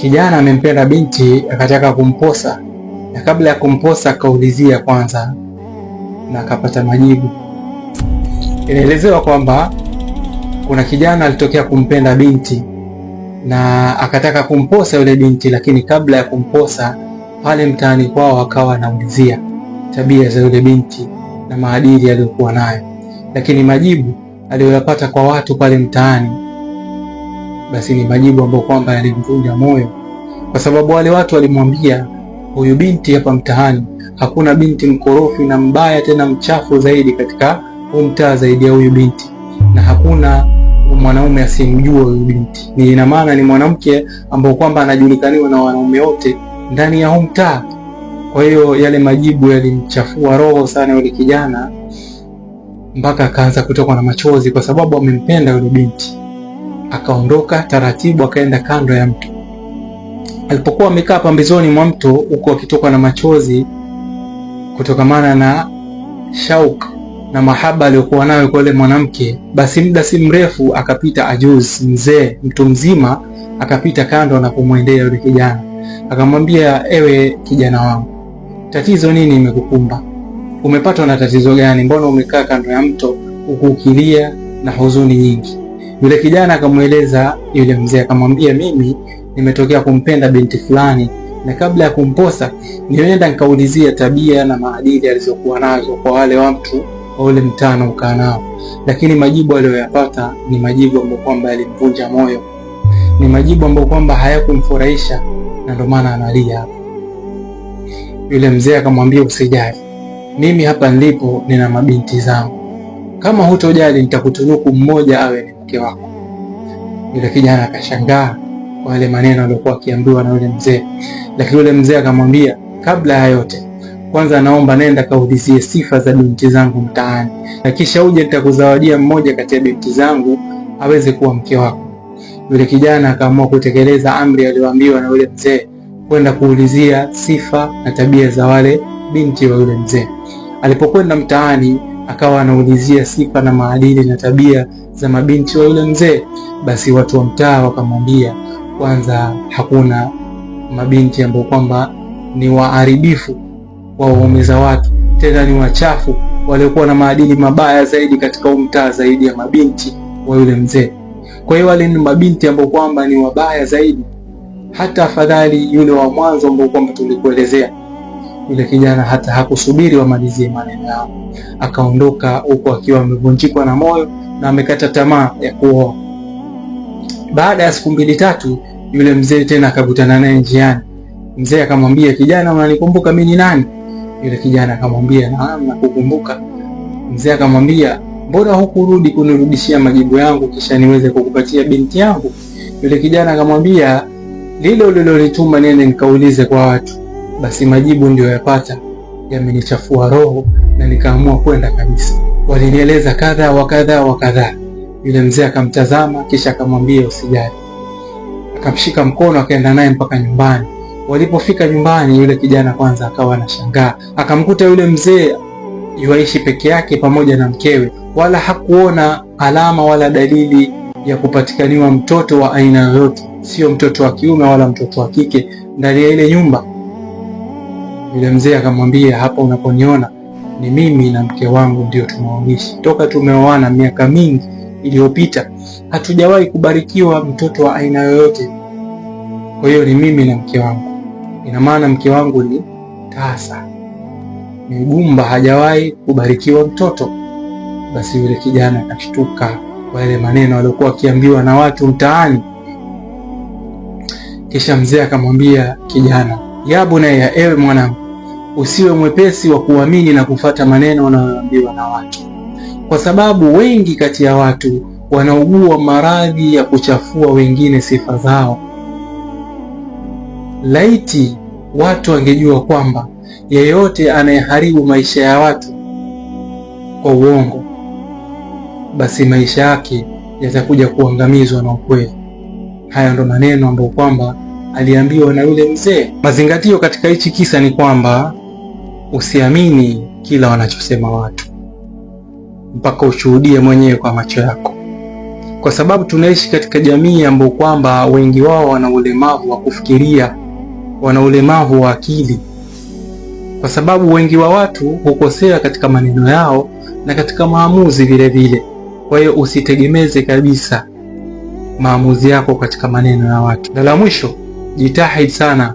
Kijana amempenda binti akataka kumposa, na kabla ya kumposa akaulizia kwanza na akapata majibu. Inaelezewa kwamba kuna kijana alitokea kumpenda binti na akataka kumposa yule binti, lakini kabla ya kumposa pale mtaani kwao akawa anaulizia tabia za yule binti na maadili aliyokuwa nayo, lakini majibu aliyoyapata kwa watu pale mtaani basi ni majibu ambayo kwamba yalimvunja moyo, kwa sababu wale watu walimwambia huyu binti hapa mtaani, hakuna binti mkorofi na mbaya tena mchafu zaidi katika huu mtaa zaidi ya huyu binti, na hakuna mwanaume asiyemjua huyu binti. Ni ina maana ni mwanamke ambao kwamba anajulikaniwa na wanaume wote ndani ya huu mtaa. Kwa hiyo yale majibu yalimchafua roho sana yule kijana, mpaka akaanza kutokwa na machozi, kwa sababu amempenda yule binti akaondoka taratibu, akaenda kando ya mto. Alipokuwa amekaa pambezoni mwa mto, huku akitokwa na machozi kutokamana na shauk na mahaba aliyokuwa nayo kwa yule mwanamke, basi muda si mrefu akapita ajuz, mzee, mtu mzima, akapita kando kumwendea yule kijana, akamwambia, ewe kijana wangu, tatizo nini imekukumba? Umepatwa na tatizo gani? Mbona umekaa kando ya mto huku ukilia na huzuni nyingi? Yule kijana akamweleza yule mzee, akamwambia mimi nimetokea kumpenda binti fulani, na kabla ya kumposa nimeenda nikaulizia tabia na maadili alizokuwa nazo kwa wale watu wa ule mtano ukaa nao, lakini majibu aliyoyapata ni majibu ambayo kwamba yalimvunja moyo, ni majibu ambayo kwamba hayakumfurahisha, na ndio maana analia hapa. Yule mzee akamwambia usijali, mimi hapa nilipo nina mabinti zangu kama hutojali nitakutunuku mmoja awe ni mke wako. Yule kijana akashangaa kwa yale maneno aliyokuwa akiambiwa na yule mzee, lakini yule mzee akamwambia, kabla ya yote, kwanza naomba nenda kaulizie sifa za binti zangu mtaani, na kisha uje nitakuzawadia mmoja kati ya binti zangu aweze kuwa mke wako. Yule kijana akaamua kutekeleza amri aliyoambiwa na yule mzee, kwenda kuulizia sifa na tabia za wale binti wa yule mzee. Alipokwenda mtaani akawa anaulizia sifa na maadili na tabia za mabinti wa yule mzee. Basi watu wa mtaa wakamwambia, kwanza hakuna mabinti ambao kwamba ni waharibifu wauumiza watu, tena ni wachafu waliokuwa na maadili mabaya zaidi katika umtaa zaidi ya mabinti wa yule mzee. Kwa hiyo wale ni mabinti ambao kwamba ni wabaya zaidi, hata afadhali yule wa mwanzo ambao kwamba tulikuelezea yule kijana hata hakusubiri wamalizie maneno yao, akaondoka huko akiwa amevunjikwa na moyo na amekata tamaa ya kuoa. Baada ya siku mbili tatu, yule mzee tena akakutana naye njiani. Mzee akamwambia, kijana, unanikumbuka mimi ni nani? Yule kijana akamwambia, na nakukumbuka. Mzee akamwambia, mbona hukurudi kunirudishia majibu yangu kisha niweze kukupatia binti yangu? Yule kijana akamwambia, lile ulilolituma niende nikaulize kwa watu basi majibu yapata yamenichafua roho na nikaamua kwenda kabisa. Walinieleza kadha wa kadha wa kadha. Yule mzee akamtazama, kisha akamwambia usijali, akamshika mkono akaenda naye mpaka nyumbani. Walipofika nyumbani, yule kijana kwanza akawa anashangaa, akamkuta yule mzee yuaishi peke yake pamoja na mkewe, wala hakuona alama wala dalili ya kupatikaniwa mtoto wa aina yoyote, sio mtoto wa kiume wala mtoto wa kike ndani ya ile nyumba. Yule mzee akamwambia, hapa unaponiona ni mimi na mke wangu ndio tunaoishi toka tumeoana miaka mingi iliyopita, hatujawahi kubarikiwa mtoto wa aina yoyote. Kwa hiyo ni mimi na mke wangu. Ina maana mke wangu ni tasa, ni mgumba, hajawahi kubarikiwa mtoto. Basi yule kijana akashtuka kwa yale maneno aliyokuwa akiambiwa na watu mtaani. Kisha mzee akamwambia kijana ya bunaya, ewe mwanangu, usiwe mwepesi wa kuamini na kufata maneno wanayoambiwa na watu, kwa sababu wengi kati ya watu wanaugua maradhi ya kuchafua wengine sifa zao. Laiti watu wangejua kwamba yeyote anayeharibu maisha ya watu kwa uongo, basi maisha yake yatakuja kuangamizwa na ukweli. Haya ndo maneno ambayo kwamba aliambiwa na yule mzee. Mazingatio katika hichi kisa ni kwamba usiamini kila wanachosema watu mpaka ushuhudie mwenyewe kwa macho yako, kwa sababu tunaishi katika jamii ambayo kwamba wengi wao wana ulemavu wa kufikiria, wana ulemavu wa akili, kwa sababu wengi wa watu hukosea katika maneno yao na katika maamuzi vile vile. Kwa hiyo usitegemeze kabisa maamuzi yako katika maneno ya watu. Na la mwisho jitahid sana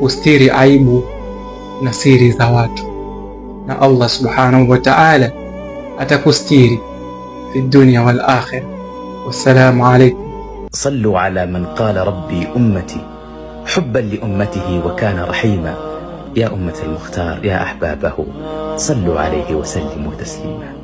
ustiri aibu na siri za watu, na Allah subhanahu wa ta'ala atakustiri fi dunya wal akhirah. Wassalamu alaikum Sallu ala man qala rabbi ummati حبا لامته وكان رحيما يا امه المختار يا احبابه صلوا عليه وسلموا تسليما